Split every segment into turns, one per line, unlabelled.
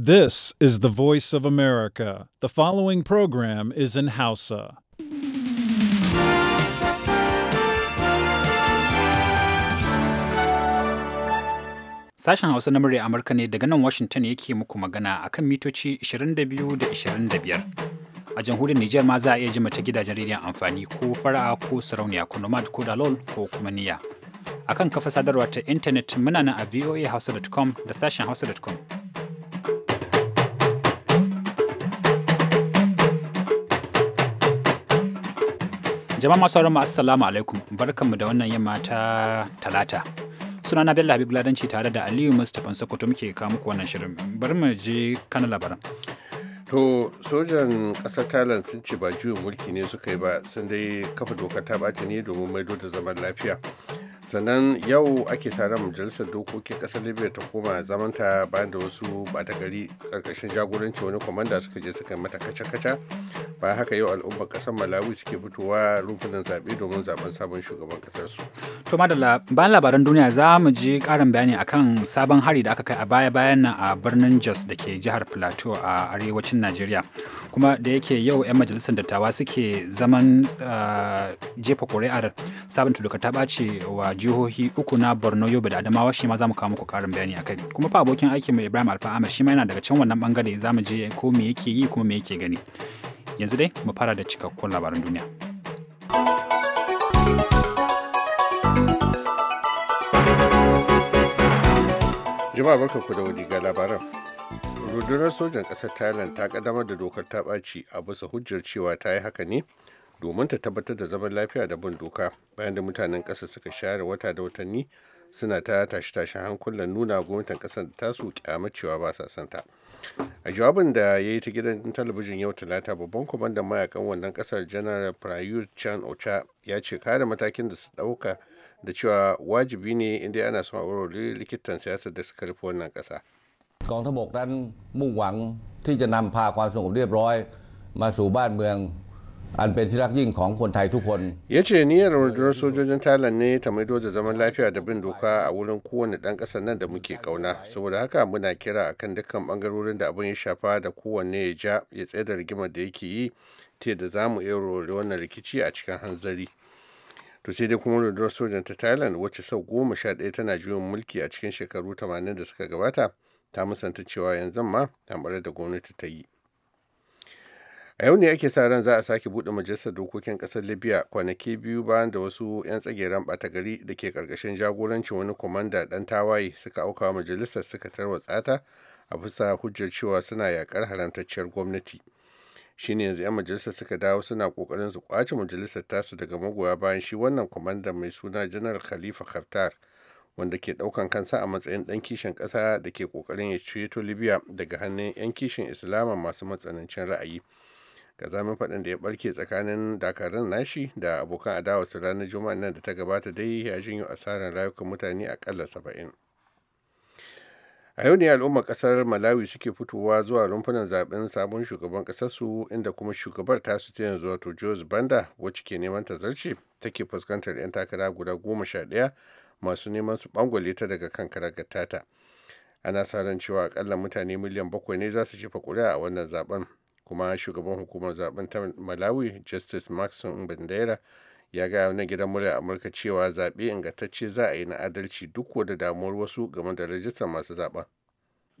This is the voice of America. The following program is in Hausa. Sashen Hausa na murya Amurka ne daga nan Washington yake muku magana akan mitoci 22 da 25. A jamhuriyar Nijar ma za a iya ji mata gidajen rediyon amfani ko fara'a ko sarauniya ko nomad ko dalol ko kuma niyya. Akan kafa sadarwa ta intanet muna nan a voahausa.com da sashen hausa.com. Jama'a masu sauran assalamu alaikum barkanmu da wannan yamma ta talata. Suna na bella Habib Ladanci tare da Aliyu Mustapha Sokoto muke kawo muku wannan shirin. Bari mu je kan labaran.
To sojan ƙasar Thailand sun ce ba juyin mulki ne suka yi ba sun dai kafa dokar ta ɓata ne domin maido da zaman lafiya. sannan yau ake sa ran majalisar dokokin kasar libya ta koma zamanta bayan da wasu bata gari karkashin jagoranci wani kwamanda suka je suka mata kaca-kaca ba haka yau al'ummar kasar malawi suke fitowa rumfunan zaɓe domin zaben sabon shugaban kasar su to madalla
bayan labaran duniya za mu ji ƙarin bayani akan sabon hari da aka kai a baya bayan nan a birnin jos da ke jihar plateau a arewacin najeriya kuma da yake yau 'yan majalisar dattawa suke zaman eh, jefa kuri'ar sabon doka ta ɓace wa jihohi uku na borno yobe da adamawa shi ma za mu kawo muku karin bayani a kai kuma fa abokin aikin mu ibrahim alfa ahmed shi ma yana daga can wannan bangare za mu je ko me yake yi kuma me yake gani yanzu dai mu fara da cikakkun labaran duniya
jama'a barkanku da wani ga labaran rundunar sojan ƙasar thailand ta kaddamar da dokar ta ɓaci a bisa hujjar cewa ta yi haka ne domin ta tabbatar da zaman lafiya da bin doka bayan da mutanen ƙasa suka share wata da watanni suna ta tashi tashi hankulan nuna gwamnatin ƙasar tasu kyamacewa ba sa santa a jawabin da ya yi ta gidan talabijin yau talata babban kwamandan mayakan wannan kasar janar prayut chan ocha ya ce kare matakin da su ɗauka da cewa wajibi ne inda ana son a likitan siyasar da suka rufe wannan kasa กองทัพบ
กนั้นมุ่งหวังที่จะนำพาความสงบเรียบร้อยมาสู่บ้านเมือง an เป็นที่รักยิ่งของคนไทยทุกคน
ya ce niyyar rundunar sojojin thailand ne ta maido da zaman lafiya da bin doka a wurin kowane ɗan ƙasa nan da muke kauna saboda haka muna kira akan dukkan bangarorin da abin ya shafa da kowanne ya ja ya tsaye da rigimar da yake yi te da za mu iya wannan rikici a cikin hanzari to sai dai kuma rundunar sojan ta thailand wacce sau goma sha ɗaya tana juyin mulki a cikin shekaru 80 da suka gabata ta musanta cewa yanzu ma tamɓare da gwamnati ta yi a yau ne ake sa ran za a sake buɗe majalisar dokokin ƙasar libya kwanaki biyu bayan da wasu 'yan tsageren ɓata gari da ke ƙarƙashin jagorancin wani kwamanda ɗan tawaye suka auka majalisar suka tarwa tsata a bisa hujjar cewa suna yaƙar haramtacciyar gwamnati shi ne yanzu 'yan majalisar suka dawo suna ƙoƙarin su ƙwace majalisar tasu daga magoya bayan shi wannan kwamandan mai suna janar khalifa haftar wanda ke ɗaukan kansa a matsayin ɗan kishin ƙasa da ke ƙoƙarin ya ceto libya daga hannun 'yan kishin islama masu matsanancin ra'ayi kazamin faɗin da ya ɓarke tsakanin dakarun nashi da abokan adawa su ranar juma'a nan da ta gabata dai ya jinyo asarar rayukan mutane akalla saba'in a yau ne al'ummar kasar malawi suke fitowa zuwa rumfunan zaben sabon shugaban su inda kuma shugabar tasu ta yanzu wato jos banda wacce ke neman ta zarce take fuskantar 'yan takara guda goma sha ɗaya masu neman su bangwale ta daga kan karagar tata ana sa ran cewa akalla mutane miliyan bakwai ne za su jefa ƙuri'a a wannan zaben kuma shugaban hukumar zaben ta malawi justice bandera ya gaya wani gidan murya amurka cewa zaɓe ingantacce za a yi na adalci duk damuwar wasu game da rajistar masu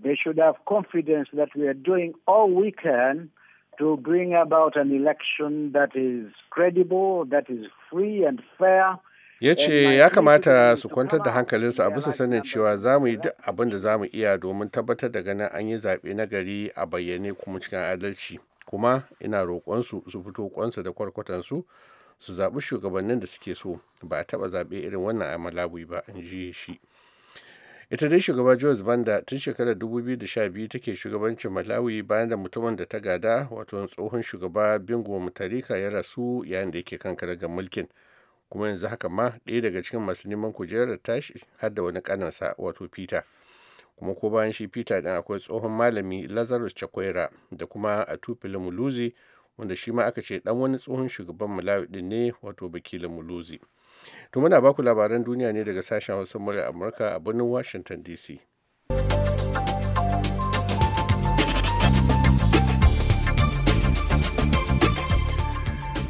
they should have confidence that we are doing all we can to bring about an election that is credible, that is free and fair,
ya ce ya kamata su kwantar da hankalinsu a bisa sanin cewa za mu yi duk abin da za mu iya domin tabbatar da ganin an yi zaɓe na gari a bayyane kuma cikin adalci kuma ina roƙonsu su fito kwansu da kwarkwatansu su zaɓi shugabannin da suke so ba a taɓa zaɓe irin wannan a malawi ba in ji shi ita dai shugaba jos banda tun shekarar 2012 take shugabancin malawi bayan da mutumin da ta gada wato tsohon shugaba bingo mutarika ya rasu yayin da yake kan ga mulkin kuma yanzu haka ma ɗaya daga cikin masu neman kujerar tashi har da wani kanansa wato peter kuma ko bayan shi peter ɗin akwai tsohon malami lazarus chakwera da kuma a atufile muluzi wanda shi ma aka ce ɗan wani tsohon shugaban malawi ɗin ne wato bakila muluzi to muna baku labaran duniya ne daga sashen hausa murya amurka a birnin washington dc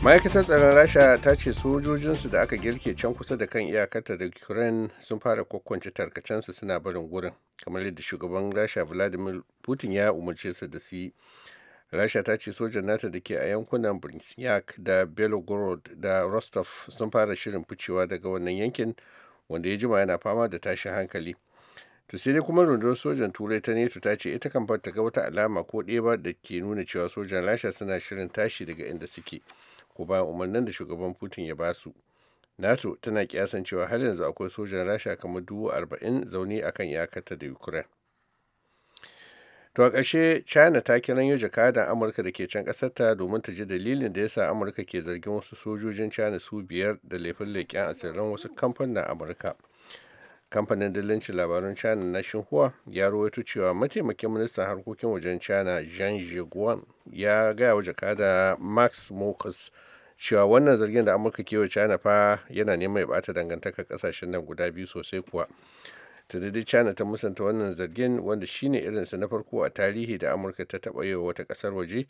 ma'aikatar tsaron rasha ta ce sojojinsu da aka girke can kusa da kan iyakarta da ukraine sun fara kwakwanci tarkacensu suna barin gurin kamar yadda shugaban rasha vladimir putin ya umarce su da su yi rasha ta ce sojan nata da ke a yankunan brinsk da belgorod da rostov sun fara shirin ficewa daga wannan yankin wanda ya jima yana fama da tashin hankali to sai dai kuma rundunar sojan turai ta neto ta ce ita kan ta ga wata alama ko ɗeba da ke nuna cewa sojan rasha suna shirin tashi daga inda suke mako bayan umarnin da shugaban putin ya basu nato tana kiyasan cewa har yanzu akwai sojan rasha kamar dubu arba'in zaune akan yakata da ukraine to a ƙarshe china ta kiran yau jakadan amurka da ke can ƙasarta domin ta ji dalilin da yasa amurka ke zargin wasu sojojin china su biyar da laifin leƙen asirin wasu kamfanin amurka kamfanin dillancin labarun china na shinhua ya rawaito cewa mataimakin ministan harkokin wajen china zhang ya gaya wa jakada max mokus cewa wannan zargin da amurka kewa china fa yana neman ya bata dangantaka kasashen nan guda biyu sosai kuwa tunadi china ta musanta wannan zargin wanda shine irinsa na farko a tarihi da amurka ta taba yi wata ƙasar waje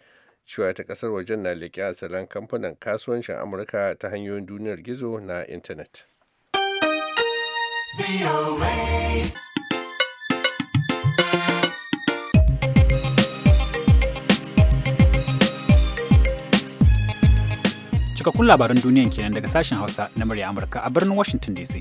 cewa ta kasar wajen na leƙe asalan kamfanin kasuwancin amurka ta hanyoyin duniyar gizo na intanet.
Cikakkun labaran duniyan kenan daga sashen Hausa na murya Amurka a birnin Washington DC.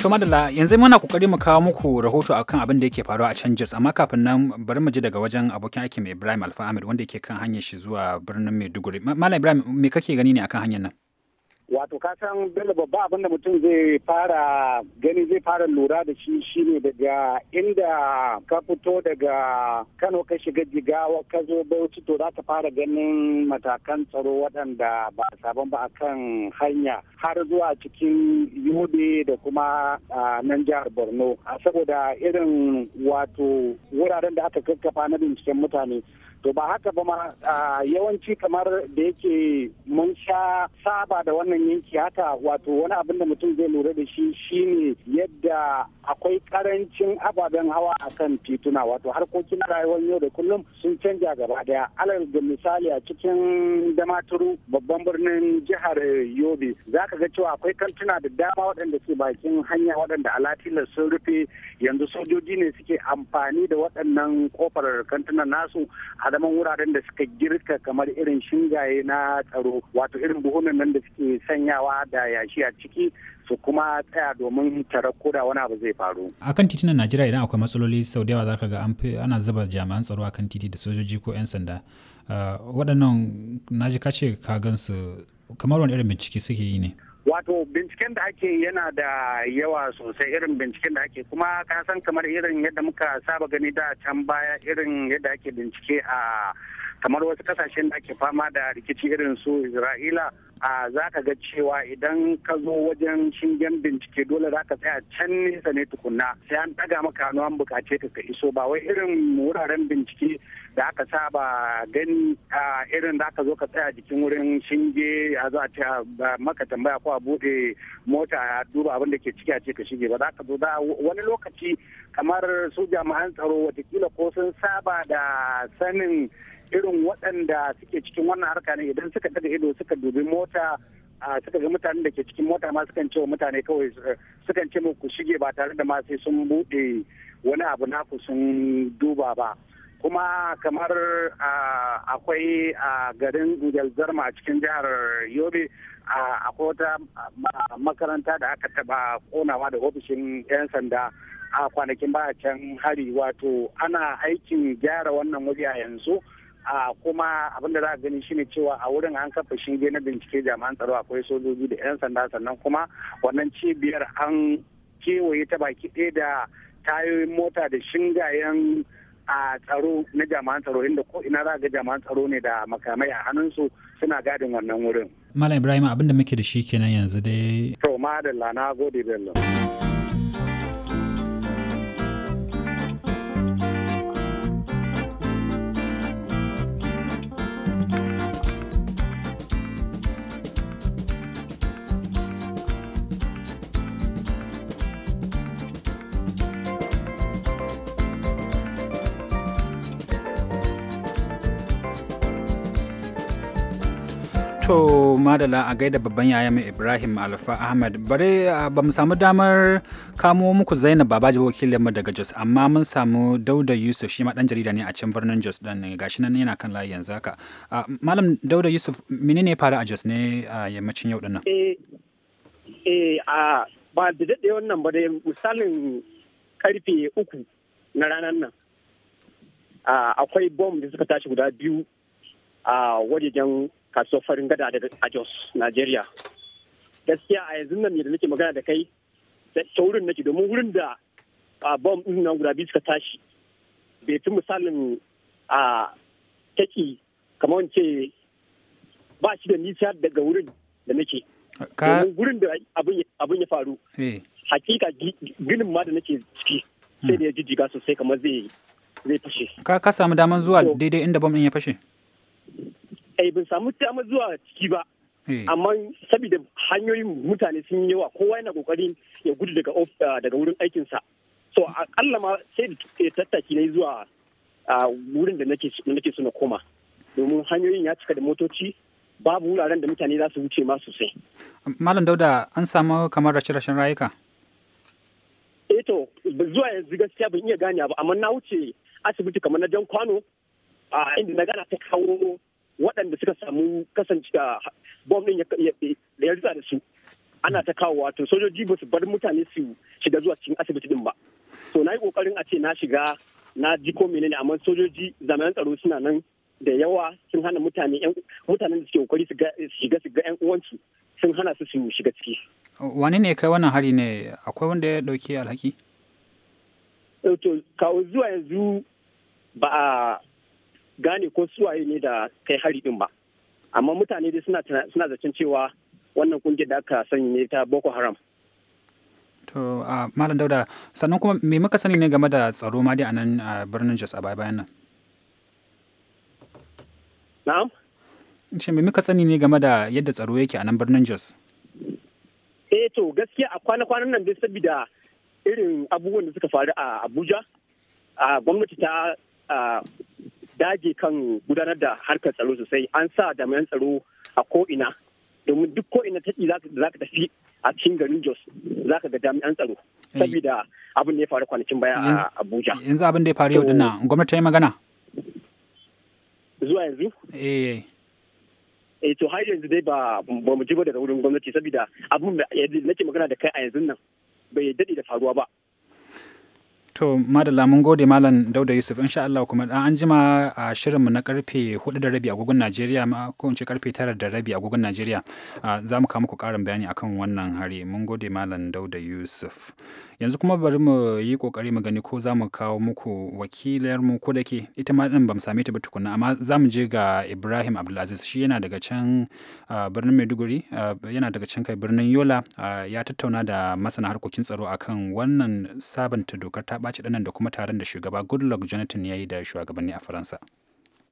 To madalla yanzu muna kokari mu kawo muku rahoto akan abin da yake faruwa a can amma kafin nan bari mu ji daga wajen abokin aikin Ibrahim Alfa Ahmed wanda yake kan hanyar shi zuwa birnin Maiduguri. Malam Ibrahim me kake gani ne akan hanyar nan?
wato ka san bello babba abin da mutum zai fara gani zai fara lura da shi shine daga inda ka fito daga kano ka shiga jigawa ka zo bauchi to za ka fara ganin matakan tsaro waɗanda ba sabon ba a kan hanya har zuwa cikin yobe da kuma nan jihar borno saboda irin wato wuraren da aka kakkafa na binciken mutane to ba haka ba ma yawanci kamar da yake mun sha saba da wannan yanki haka wato wani abin da mutum zai lura da shi shine yadda akwai karancin ababen hawa a kan tituna wato harkokin rayuwar yau da kullum sun canja gaba daya alal da misali a cikin damaturu babban birnin jihar yobe za ka ga cewa akwai kantuna da dama waɗanda ke bakin hanya waɗanda alatila sun rufe yanzu sojoji ne suke amfani da waɗannan kofar kantunan nasu a malaman wuraren da suka girka kamar irin shingaye na tsaro wato irin buhunan nan da suke sanyawa da yashi a ciki su kuma tsaya domin tare koda wani abu zai faru.
A kan titunan Najeriya idan akwai matsaloli sau da yawa za ka ga ana zuba jami'an tsaro a kan titi da sojoji ko 'yan sanda. Ah, waɗannan naji ka ce ka gansu kamar wani irin bincike suke yi ne.
wato binciken da ake yana da yawa sosai irin binciken da ake kuma ka san kamar irin yadda muka saba gani da can baya irin yadda ake bincike a kamar wasu kasashen da ke fama da rikici irin su isra'ila a za ka ga cewa idan ka zo wajen shingen bincike dole za ka tsaya can nesa ne tukunna sai an daga maka hannu an bukace ka ka iso ba wai irin wuraren bincike da aka saba gani a irin da aka zo ka tsaya jikin wurin shinge a zo a maka tambaya ko a buɗe mota a duba abin da ke ciki a ce ka shige ba za ka zo da wani lokaci kamar su jami'an tsaro watakila ko sun saba da sanin irin waɗanda suke cikin wannan harka ne idan suka daga ido suka dubi mota suka ga mutanen da ke cikin mota ma sukan ce wa mutane kawai eh, sukan ce ku shige ba tare da ma sai sun buɗe wani abu na ku sun duba ba kuma kamar akwai a garin zarma a cikin jihar yobe akwai wata makaranta da aka taba konawa da ofishin 'yan sanda a kwanakin baya can hari wato ana aikin gyara wannan waje a yanzu a kuma abin da za a gani shine cewa a wurin an kafa shinge na bincike jami'an tsaro akwai sojoji da 'yan sanda sannan kuma wannan cibiyar an kewaye ta baki ɗaya da tayoyin mota da shingayen a tsaro na jami'an tsaro inda ko ina za ga jami'an tsaro ne da makamai a su suna gadin wannan wurin.
Malam Ibrahim abin da muke da shi kenan yanzu dai. To ma da lana gode bello. to madala a gaida babban yaya mai ibrahim alfa ahmad bare ba mu samu damar kamo muku zainab babaji wakilin mu daga jos amma mun samu dauda yusuf shi ma dan jarida ne a can birnin jos dan ne gashi nan yana kan layi yanzu haka malam dauda yusuf menene ya a jos ne a yammacin yau dinnan eh,
eh a ba da daɗe wannan ba da misalin karfe uku na ranar nan akwai bom da suka tashi guda biyu a wajejen kasuwar farin gada a Jos, Najeriya. Gaskiya a yanzu nan da nake magana da kai ta wurin nake domin wurin da bom din nan guda biyu suka tashi bai fi misalin a taki kamar wance ba shi da nisa daga wurin da nake. Domin wurin da abin ya faru.
Eh. Hakika ginin ma da nake ciki sai hmm. da ya jijjiga sosai kamar zai fashe. Ka samu daman zuwa daidai inda bom din ya fashe? ai eh, bin samu
dama zuwa ciki ba eh. amma saboda hanyoyin mutane sun yi yawa kowa yana kokarin ya gudu daga eh, daga wurin aikinsa so akalla ma sai da tattaki na zuwa wurin da nake suna na koma domin hanyoyin ya cika da motoci babu wuraren da mutane za su wuce ma sosai
malam dauda an samu kamar rashin rashin rayuka
eh to zuwa yanzu gaskiya ban iya gane ba amma na wuce asibiti kamar na jan kwano a inda na gana ta kawo waɗanda suka samu kasance bom ɗin ya ritsa da su ana ta kawo wato sojoji ba su bar mutane su shiga zuwa cikin asibiti din ba so na yi kokarin a ce na shiga na ji ko menene amma sojoji zamanin tsaro suna nan da yawa sun hana mutane mutanen da suke kokari su shiga su ga yan uwansu sun hana su su shiga ciki
wani ne kai wannan hari ne akwai wanda ya dauke alhaki
eh, to kawo zuwa yanzu ba a gane ko suwaye ne da kai hari din ba amma mutane dai suna suna zaton cewa wannan kungiyar da aka sani ne ta boko haram
to a malam dauda sannan kuma me muka sani ne game da tsaro ma dai a nan birnin jos a baya bayan nan na'am shin me muka sani ne game da yadda tsaro yake a nan birnin jos eh to gaskiya a
kwana-kwanan nan dai saboda irin abubuwan da suka faru a abuja a gwamnati ta dage kan gudanar da harkar tsaro sosai an sa jami'an tsaro a ko'ina domin duk ko'ina ta za ka tafi a cikin garin jos za ka ga jami'an tsaro saboda abin da ya faru kwanakin baya a abuja yanzu abin da ya faru yau dinnan
gwamnati ta yi magana
zuwa yanzu eh, eh. eh to har yanzu dai ba ba mu ji ba daga wurin gwamnati saboda abin da nake magana da kai a yanzu nan bai daɗe da faruwa ba
To, madalla mun gode Malam Dauda Yusuf, insha Allah kuma an jima a shirinmu na karfe 4 da rabi agogon Najeriya, ma ko ce karfe 9 da rabi agogon Najeriya, za mu kawo muku karin bayani akan wannan hari. Mun gode Malam Dauda Yusuf. Yanzu kuma bari mu yi kokari mu gani ko za mu kawo muku wakilar mu ko ke ita ma din bamu same ta ba tukunna amma za mu je ga Ibrahim Abdulaziz shi yana daga can birnin Maiduguri, yana daga can kai birnin Yola, ya tattauna da masana harkokin tsaro akan wannan sabanta dokar ta ɓaci ɗanan da kuma taron da shugaba goodluck jonathan ya yi da shugabanni a faransa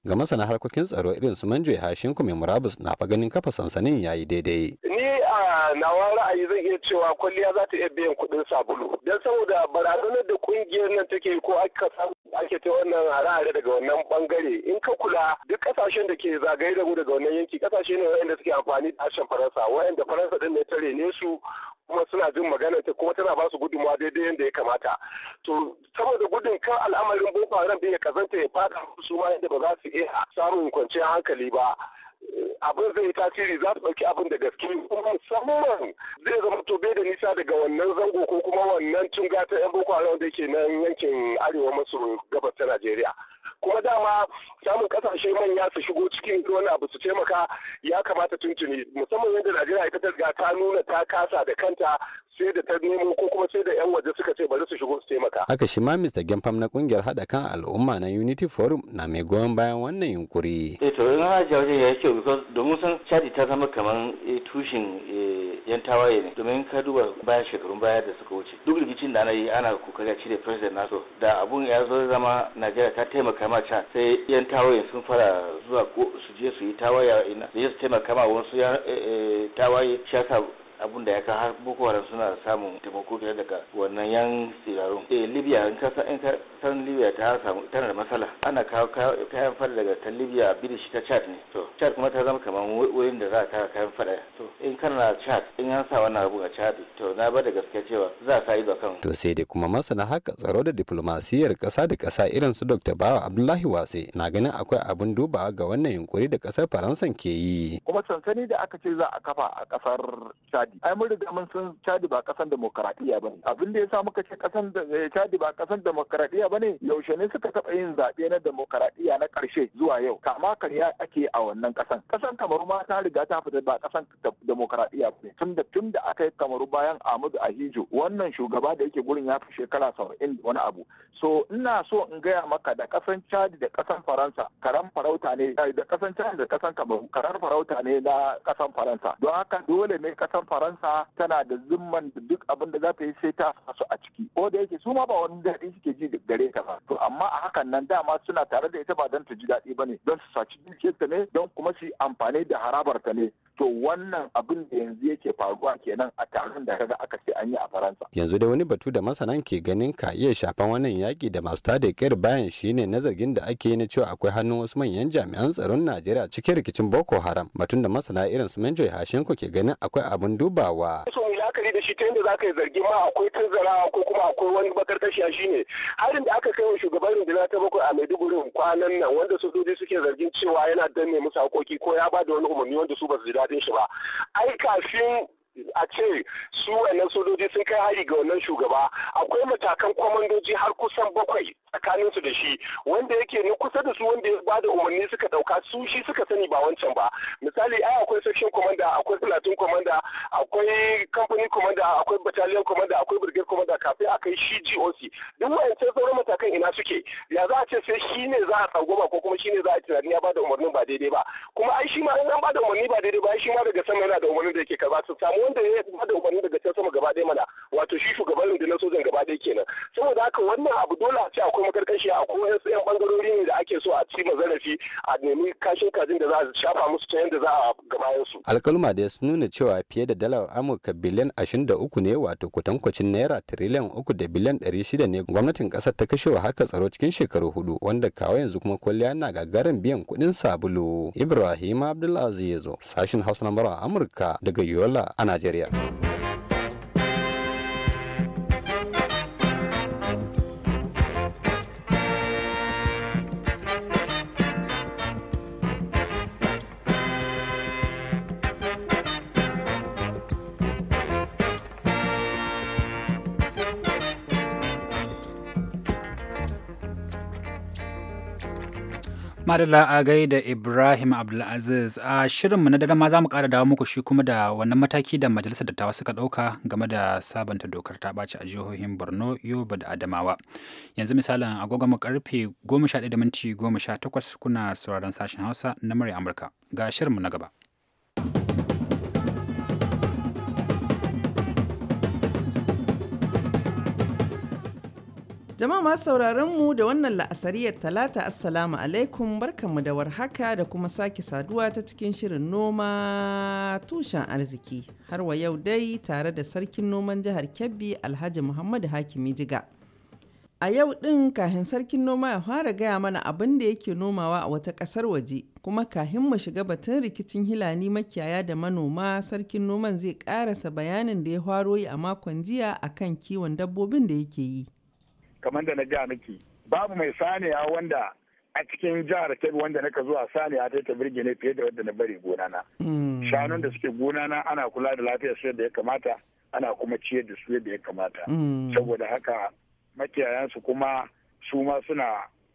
ga masana harkokin tsaro irin su manjo hashin mai murabus na fa ganin kafa sansanin ya yi daidai
ni a nawa ra'ayi zan iya cewa kwalliya
za ta iya biyan kuɗin sabulu don saboda barazanar da kungiyar nan take ko aka ake ta wannan hare-hare daga wannan bangare in ka kula duk kasashen da ke zagaye da mu daga wannan yanki kasashe ne waɗanda suke amfani da harshen faransa waɗanda faransa din ne tare ne su kuma suna jin magana ta kuma tana ba su gudunmawa daidai yadda ya kamata to saboda gudun kan al'amarin boko haram da ya kazanta ya fada su ma yadda ba za su iya samun kwanciyar hankali ba abin zai yi tasiri za su ɗauki abin da gaske kuma musamman zai zama to bai da nisa daga wannan zango ko kuma wannan tunga ta yan boko haram da ke nan yankin arewa maso gabas ta najeriya kuma dama samun kasashe manya su shigo cikin wani abu su taimaka ya kamata tuntuni musamman yadda najeriya ita ta riga ta nuna ta kasa da kanta sai da ta nemo ko kuma sai da yan waje suka ce bari su shigo su taimaka. Haka
shi ma Mr. Gemfam na kungiyar haɗa kan al'umma na Unity Forum na mai goyon bayan wannan yunkuri.
Eh to ji wajen ya ce domin san Chadi ta zama kamar eh, tushen yan eh, tawaye ne domin ka duba bayan shekarun baya da suka wuce duk rikicin da ana yi ana kokari a cire president naso da abun ya zo zama Najeriya ta taimaka ma can sai yan tawaye sun fara zuwa ko su je su yi tawaye ina su je su taimaka ma wasu eh, tawaye shi abin da ya ka har boko haram suna samun taimako da daga wannan yan sirarun eh libya in ka san libya ta samu tana da matsala ana kawo kayan fada daga ta libya birish ta chad ne to chad kuma ta zama kamar wurin da za a kawo kayan fada to in kana chad in an sa wannan abu a chad to na ba da gaske cewa za a yi ba kan
to sai dai kuma masana haka tsaro da diplomasiyar kasa da kasa irin su dr bawa abdullahi wase na ganin akwai abin dubawa ga wannan yunkuri da kasar faransan ke yi
kuma sansani da aka ce za a kafa a kasar chad chadi ai mun riga mun san chadi ba kasan demokaradiyya bane abin da yasa muka ce kasan eh, chadi ba kasan demokaradiyya bane yaushe ne suka taba yin zaɓe na demokaradiyya na karshe zuwa yau kama kariya ake a wannan kasan kasan kamaru ma ta riga ta fita ba kasan demokaradiyya bane tun da tun da aka yi kamaru bayan Ahmadu Ahijo wannan shugaba da yake gurin ya fi shekara 70 wani abu so ina so in gaya maka da kasan chadi da kasan faransa karan farauta ne eh, da kasan chadi da kasan kamaru karan farauta ne na kasan faransa don haka dole ne kasan faransa tana da zimman da duk abin da za ta yi sai ta faso a ciki ko da yake su ma ba wani daɗi suke ji gare ta ba to amma a hakan nan dama suna tare da ita ba don ta ji daɗi ba ne don su saci dukiyarta ne don kuma su amfani da harabarta ne to wannan abin da yanzu yake faruwa kenan a taron da kaga aka ce an yi a
faransa yanzu dai wani batu da masanan ke ganin ka iya shafan wannan yaki da masu tada kyar bayan shine na zargin da ake yi na cewa akwai hannun wasu manyan jami'an tsaron najeriya cikin rikicin boko haram batun da masana irin su menjoy hashenko ke ganin akwai abin dubawa.
So la'akari da shi ta yadda za ka yi zargi ma akwai tunzarawa ko kuma akwai wani bakarkashiya shine harin da aka kai wa shugaban rundunar ta bakwai a Maiduguri kwanan nan wanda sojoji suke zargin cewa yana danne musu hakoki ko ya ba da wani umarni wanda su ba su ji daɗin shi ba. Ai kafin a ce su wannan sojoji sun kai hari ga wannan shugaba akwai matakan kwamandoji har kusan bakwai tsakanin su da shi wanda yake na kusa da su wanda ya ba da umarni suka dauka su shi suka sani ba wancan ba misali ai akwai section commander akwai platoon commander akwai company commander akwai battalion commander akwai brigade commander kafin a kai shi GOC duk wayancan sauran matakan ina suke ya za a ce sai shi ne za a tsangwama ko kuma shi ne za a tunani ya ba da umarnin ba daidai ba kuma ai shi ma in an ba da umarni ba daidai ba ai shi ma daga sama yana da umarnin da yake karba su samu wanda ya ba da umarni daga can sama gaba ɗaya mana wato shi shugaban na sojan gaba ɗaya kenan saboda haka wannan abu dole a ce akwai makarkashi akwai wasu yan bangarori ne da ake so a ci zarafi a nemi kashin kajin da za a
shafa musu ta yadda za a gaba su alkalma da su nuna cewa fiye da dalar amurka biliyan ashirin da uku ne wato kwatankwacin naira tiriliyan uku da biliyan ɗari shida ne gwamnatin ƙasar ta kashewa haka tsaro cikin shekaru hudu wanda kawo yanzu kuma kwalliya na gagarin biyan kuɗin sabulu ibrahim abdulaziz sashin hausa na amurka daga yola ana നാജേറിയ
Madalla a da Ibrahim Abdulaziz a shirinmu na dare ma za mu kara dawo muku shi kuma da wannan mataki da majalisar dattawa suka ɗauka game da sabanta dokar ta ɓaci a jihohin Borno, Yobe da Adamawa. Yanzu misalin agogon mu karfe 11:18 kuna sauraron sashen Hausa na murya Amurka. Ga shirinmu na gaba.
Jama'a ma sauraron mu da wannan la'asariyar talata assalamu alaikum barkanmu da warhaka da kuma sake saduwa ta cikin shirin noma tushen arziki har wa yau dai tare da sarkin noman jihar Kebbi Alhaji Muhammadu Hakimi Jiga. A yau din kahin sarkin noma ya fara gaya mana abin da yake nomawa a wata ƙasar waje kuma kahin mu shiga batun rikicin hilani makiyaya da manoma sarkin noman zai ƙarasa bayanin da ya faro yi a makon jiya akan kiwon dabbobin da yake yi.
kamar da na ja miki babu mai saniya wanda a cikin jihar kebbi wanda naka zuwa saniya ta ta birge fiye da wadda na bari gonana
hmm. shanun
da suke gonana ana kula da lafiyar su yadda ya kamata ana kuma ciyar da su yadda ya kamata hmm. saboda haka makiyayansu kuma su ma suna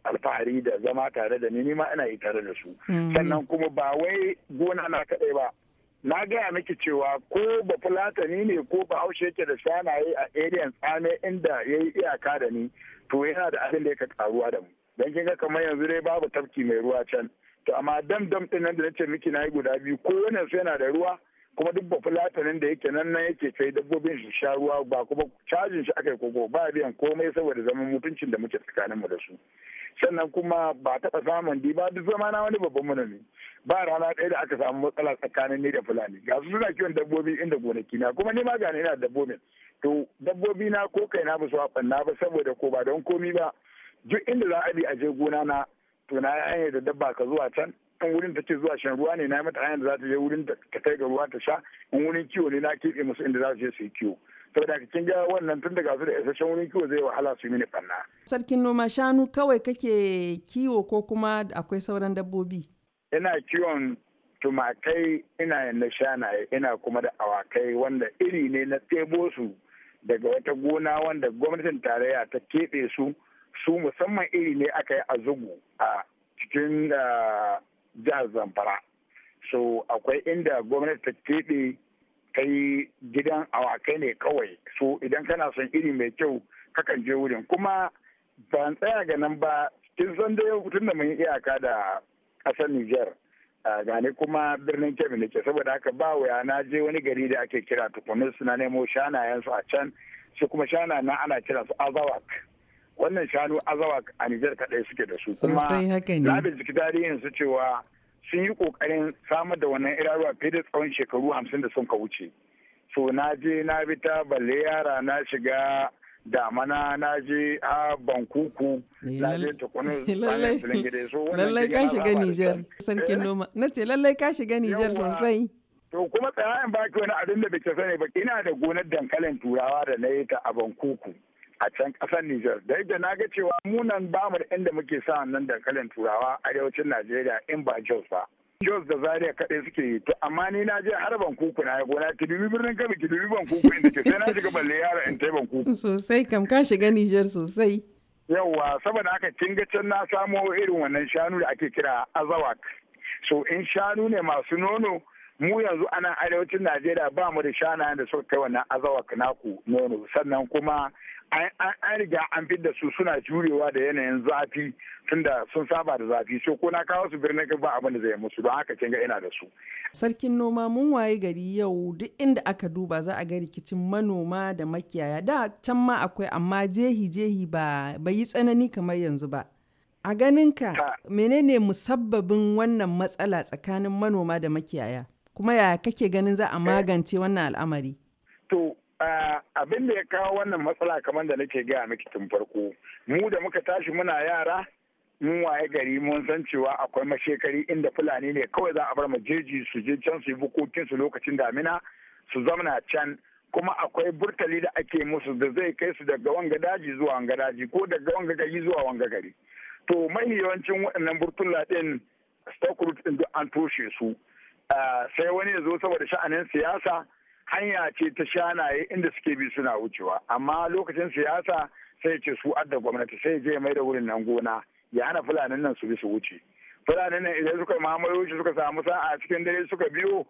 alfahari da zama tare da ni ma ina yi tare da su hmm. sannan kuma ba wai gona na kaɗai ba na gaya miki cewa ko ba fulatani ne ko ba haushe yake da shanaye a ariyan tsame inda ya yi iyaka da ni to yana da abin da yake karuwa da mu don kin ga kamar yanzu dai babu tafki mai ruwa can to amma dam dam din nan da nace miki na yi guda biyu ko wannan su yana da ruwa kuma duk ba fulatanin da yake nan nan yake kai dabbobin shi sha ruwa ba kuma cajin shi akai koko ba biyan komai saboda zaman mutuncin da muke tsakaninmu da su sannan kuma ba taɓa samun di ba duk zama na wani babban manomi ba rana ɗaya da aka samu matsala tsakanin ni da fulani ga su suna kiwon dabbobi inda gonaki na kuma ni ma ga ina dabbobin to dabbobi na ko kai na ba su na ba saboda ko ba don komi ba duk inda za a bi a je gona na to na hanyar da dabba ka zuwa can in wurin ta ce zuwa shan ruwa ne na yi mata hanyar da za ta je wurin ta kai ga ruwa ta sha in wurin kiwo ne na keɓe musu inda za su je su yi kiwo saboda kin ga wannan tun daga su da isasshen wurin kiwo zai wahala su yi mini banna
sarkin noma shanu kawai kake kiwo ko kuma akwai sauran dabbobi
ina kiwon tumakai ina na shanaye ina kuma da awakai wanda iri ne na tebo su daga wata gona wanda gwamnatin tarayya ta keɓe su su musamman iri ne aka yi a zugu a cikin ah, jihar zamfara so akwai inda gwamnati ta keɓe kai gidan awakai ne kawai so idan kana son iri mai kyau kakan je wurin kuma ban tsaya ga nan ba kin san da yau tun da mun iyaka da Niger Nijar gane kuma birnin Kebbi ke saboda haka ba wuya na je wani gari da ake kira Tukunis na nemo shanayen su a can su kuma shana na ana kira su Azawak wannan shanu Azawak a Nijar kadai suke da su kuma na binciki tarihin su cewa sun yi kokarin samar da wannan irarwa fiye da tsawon shekaru hamsin da sun ka wuce so na je na bi ta balle yara na shiga damana na je a bankuku eh, na je tukunin lallai
ka shiga Nijar sosai
to kuma tsaya baki wani abin da bai sani ba ina da gonar dankalin turawa da na yi ta a bankuku a can ƙasar Nijar. Da yadda na ga cewa munan bamu da inda muke sa nan dankalin turawa arewacin Najeriya in ba Jos ba. Jos da Zaria kaɗai suke yi to amma ni na je har Bankuku na gona dubi birnin dubi ban kuku inda ke sai na shiga balle yara
in tai Bankuku. Sosai kam ka shiga Nijar sosai.
Yawwa saboda haka kin ga can na samo irin wannan shanu da ake kira azawak. So in shanu ne masu nono mu yanzu ana arewacin Najeriya ba mu da shanayen da suka kai wannan azawak naku nono sannan kuma an riga an fidda su suna jurewa da yanayin zafi tunda sun saba da zafi so ko na kawo su birnin ba abin da zai musu don haka kinga ina da su
sarkin noma mun waye gari yau duk inda aka duba za a ga rikicin manoma da makiyaya da can ma akwai amma jehi jehi ba bai yi tsanani kamar yanzu ba a ganin ganinka menene musabbabin wannan matsala tsakanin manoma da makiyaya kuma ya kake ganin za a eh. magance wannan al'amari to abin da
ya kawo wannan matsala kamar da nake gaya miki tun farko mu da muka tashi muna yara mun waye gari mun san cewa akwai mashekari inda fulani ne kawai za a bar majeji su je can su yi bukukin su lokacin damina su zamna can kuma akwai burtali da ake musu da zai kai su daga wanga daji zuwa wanga daji ko daga wanga gari zuwa wanga gari to mahi yawancin waɗannan burtula ɗin stock root an toshe su sai wani ya zo saboda sha'anin siyasa hanya ce ta shanaye inda suke bi suna wucewa amma lokacin siyasa sai ce su adda gwamnati sai je mai da wurin nan gona ya hana fulanin nan su bi su wuce fulanin nan idan suka mamaye shi suka samu sa'a cikin dare suka biyo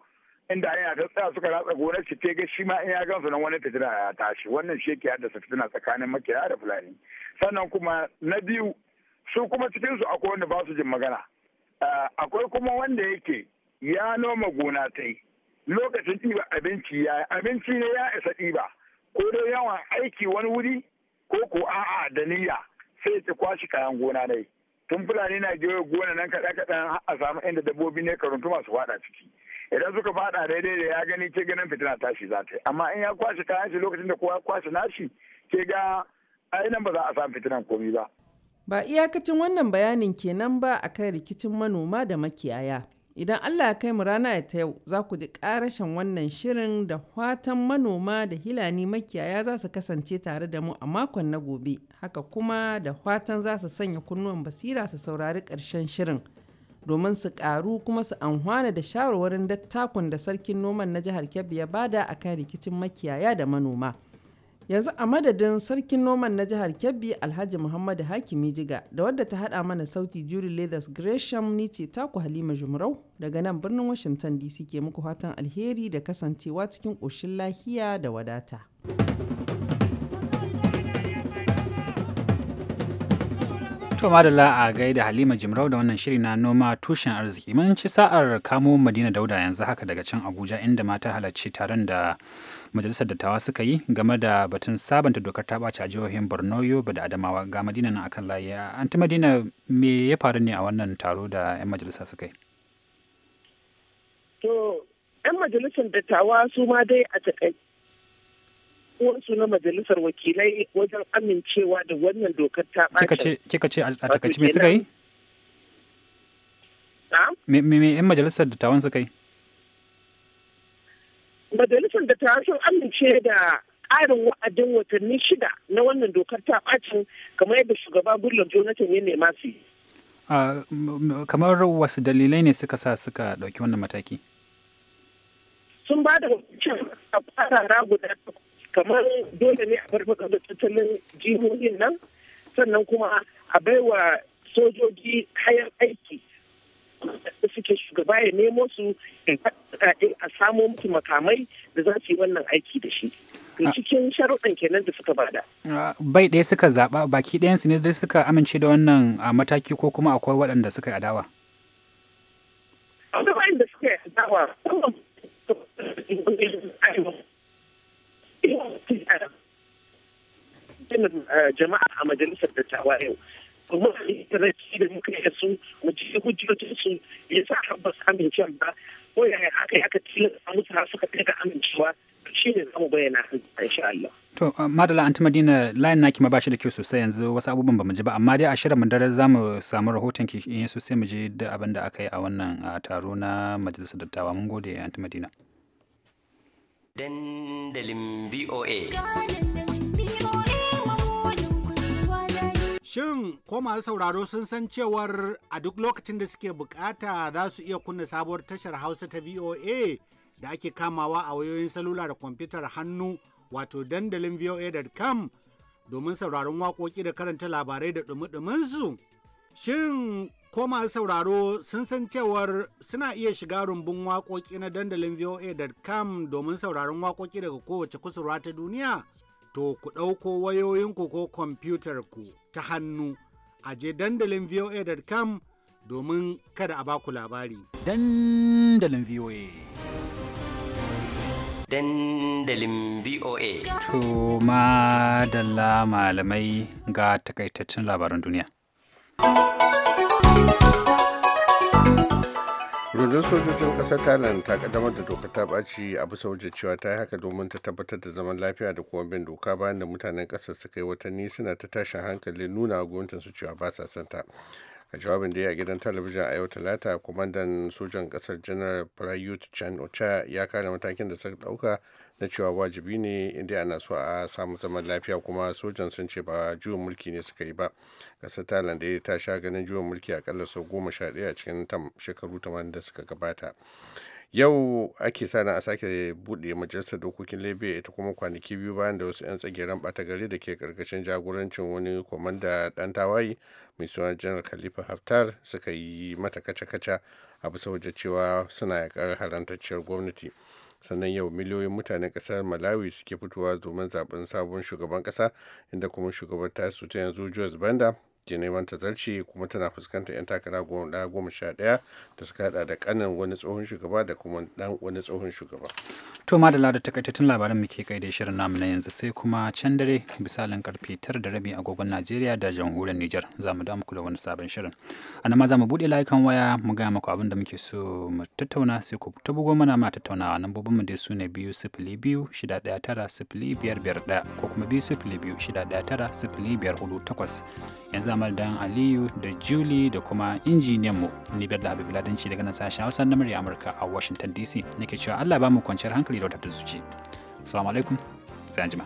inda hanya ta tsaya suka ratsa gonar shi ke shi ma in ya gansu nan wani fitina ya tashi wannan shi yake haddasa fitina tsakanin makiyaya da fulani sannan kuma na biyu su kuma cikin su akwai wanda ba su jin magana eh, akwai kuma wanda yake ya noma gona ta yi lokacin ɗiba abinci ya abinci ne ya isa ɗiba ko dai yawan aiki wani wuri ko ko a'a da niyya sai ta kwashi kayan gona ne tun fulani na je gona nan kaɗan kaɗan a samu inda dabbobi ne karuntu masu faɗa ciki idan suka faɗa daidai da ya gani ke ganin fitina tashi za ta yi amma in ya kwashe kayan shi lokacin da kowa kwashe nashi ke ga ainihin ba za a samu fitinan komi ba.
Ba iyakacin wannan bayanin kenan ba a kan rikicin manoma da makiyaya. Idan Allah ya kai mu rana ta yau za ku ji ƙarashin wannan shirin da fatan manoma da hilani makiyaya za su kasance tare da mu a makon na gobe. Haka kuma da fatan za su sanya kunnuwan basira su saurari ƙarshen shirin domin su ƙaru kuma su anhwana da shawarwarin dattakon da sarkin noman na jihar Kebbi ya bada akan rikicin makiyaya da manoma. yanzu a madadin sarkin noman na jihar kebbi alhaji muhammadu hakimi jiga da wadda ta hada mana sauti juri leathers gresham ni ce taku halima jumrau daga nan birnin washington dc ke muku fatan alheri da kasancewa cikin ƙoshin lahiya da wadata To madalla
a gaida Halima Jimrau da wannan shiri na noma tushen arziki. Mun ci sa'ar kamo Madina Dauda yanzu haka daga can Abuja inda mata halarci taron da majalisar dattawa suka yi game da batun sabanta dokar ta ɓaci a jihohin Borno, Yobe da Adamawa ga Madina nan akan layi. ta Madina me ya faru ne a wannan taro da 'yan majalisa suka yi?
To 'yan majalisar dattawa su ma dai a takaice uwansu na majalisar wakilai wajen amincewa da wannan dokar ta
Kika ce a takaici me suka yi? Me me 'yan majalisar dattawan suka yi?
Majalisar dattawan sun amince da ƙarin wa'adin watanni shida na wannan dokar ta ɓacin kamar yadda shugaba Goodluck Jonathan ya nema su yi.
Kamar wasu dalilai ne suka sa suka ɗauki wannan mataki?
Sun ba da a fara guda takwas kamar dole ne a farfa da tattalin jihohin nan sannan kuma a baiwa sojoji kayan aiki da suke shugaba ya nemo su a samo mutu makamai da za su yi wannan aiki da shi ah. cikin sharuɗan kenan da suka bada.
Ah, bai ɗaya suka zaɓa baki su ne dai suka amince da wannan ah, mataki ko kuma akwai waɗanda suka yi adawa.
akwai da suka yi adawa jama'a a majalisar dattawa yau kuma rarraci da muka yi su mu ci hujjojin su ya sa har ba su amince ba ko yaya aka yi aka tilasta musu har suka kai ga amincewa shi ne za mu bayyana insha Allah.
To uh, Madala Anta Madina layin naki ma ba shi da kyau sosai yanzu wasu abubuwan ba mu ji ba amma dai a shirin mu dare za mu samu rahoton ki in so sai mu je da abin da aka yi a wannan uh, taro na majalisar dattawa mun gode antimadina
dandalin VOA.
Shin ko masu sauraro sun san
cewar a duk lokacin da suke bukata za su iya kunna sabuwar tashar Hausa ta VOA da ake kamawa a wayoyin salula da kwamfutar hannu wato dandalin VOA.com domin sauraron waƙoƙi da karanta labarai da dumi ɗuminsu Shin ko masu sauraro sun san cewar suna iya shiga rumbun waƙoƙi na dandalin voa.com domin sauraron waƙoƙi daga kowace kusurwa ta duniya to ku ɗauko wayoyinku ko kwamfutar ku ta hannu a je dandalin voa.com domin kada a baku labari
dandalin voa dandalin voa to madalla malamai ga takaitaccen labaran duniya
dodon sojojin ƙasar thailand ta kaddamar da doka ta ɓaci a bisa wajen cewa ta yi haka domin ta tabbatar da zaman lafiya da kuma bin doka bayan da mutanen ƙasar suka yi watanni suna ta tashin hankali nuna gwamnatin su cewa ba sa santa a jawabin da ya gidan talabijin a yau talata kwamandan sojan kasar general prayut chan ocha ya kare matakin da suka dauka. na cewa wajibi ne inda ana so a samu zaman lafiya kuma sojan sun ce ba juyin mulki ne suka yi ba kasar thailand da ta sha ganin juyin mulki akalla sau goma sha ɗaya a cikin shekaru tamanin da suka gabata yau ake sa a sake buɗe majalisar dokokin libya ita kuma kwanaki biyu bayan da wasu 'yan tsageren ɓata gari da ke karkashin jagorancin wani kwamanda ɗan tawayi mai suna janar khalifa haftar suka yi mata kaca-kaca a bisa wajen cewa suna yakar harantacciyar gwamnati sannan yau miliyoyin mutanen kasar malawi suke fitowa domin zaben sabon shugaban kasa inda kuma shugaban tasu ta yanzu jos banda genevan ta zarce kuma tana fuskantar 'yan takara goma sha daya da suka hada da kanin wani tsohon shugaba da kuma dan wani tsohon shugaba
to ma da lada takaitattun labaran muke kai da shirin namu na yanzu sai kuma can dare misalin karfe tara da rabi agogon najeriya da jamhuriyar niger za mu damu da wani sabon shirin a ma za mu buɗe layukan waya mu gaya muku abin da muke so mu tattauna sai ku ta bugo mana ma tattaunawa nan babban mu dai su ne biyu sifili biyu shida ɗaya tara sifili biyar biyar ɗaya ko kuma biyu sifili biyu shida ɗaya tara sifili biyar hudu takwas zamar Dan Aliyu da juli da kuma injiniyan mu ni Bello Habib Ladanci daga nan sashen Hausa na murya Amurka a Washington DC nake cewa Allah ba mu kwanciyar hankali da wadatar zuci. Assalamu alaikum sai anjima.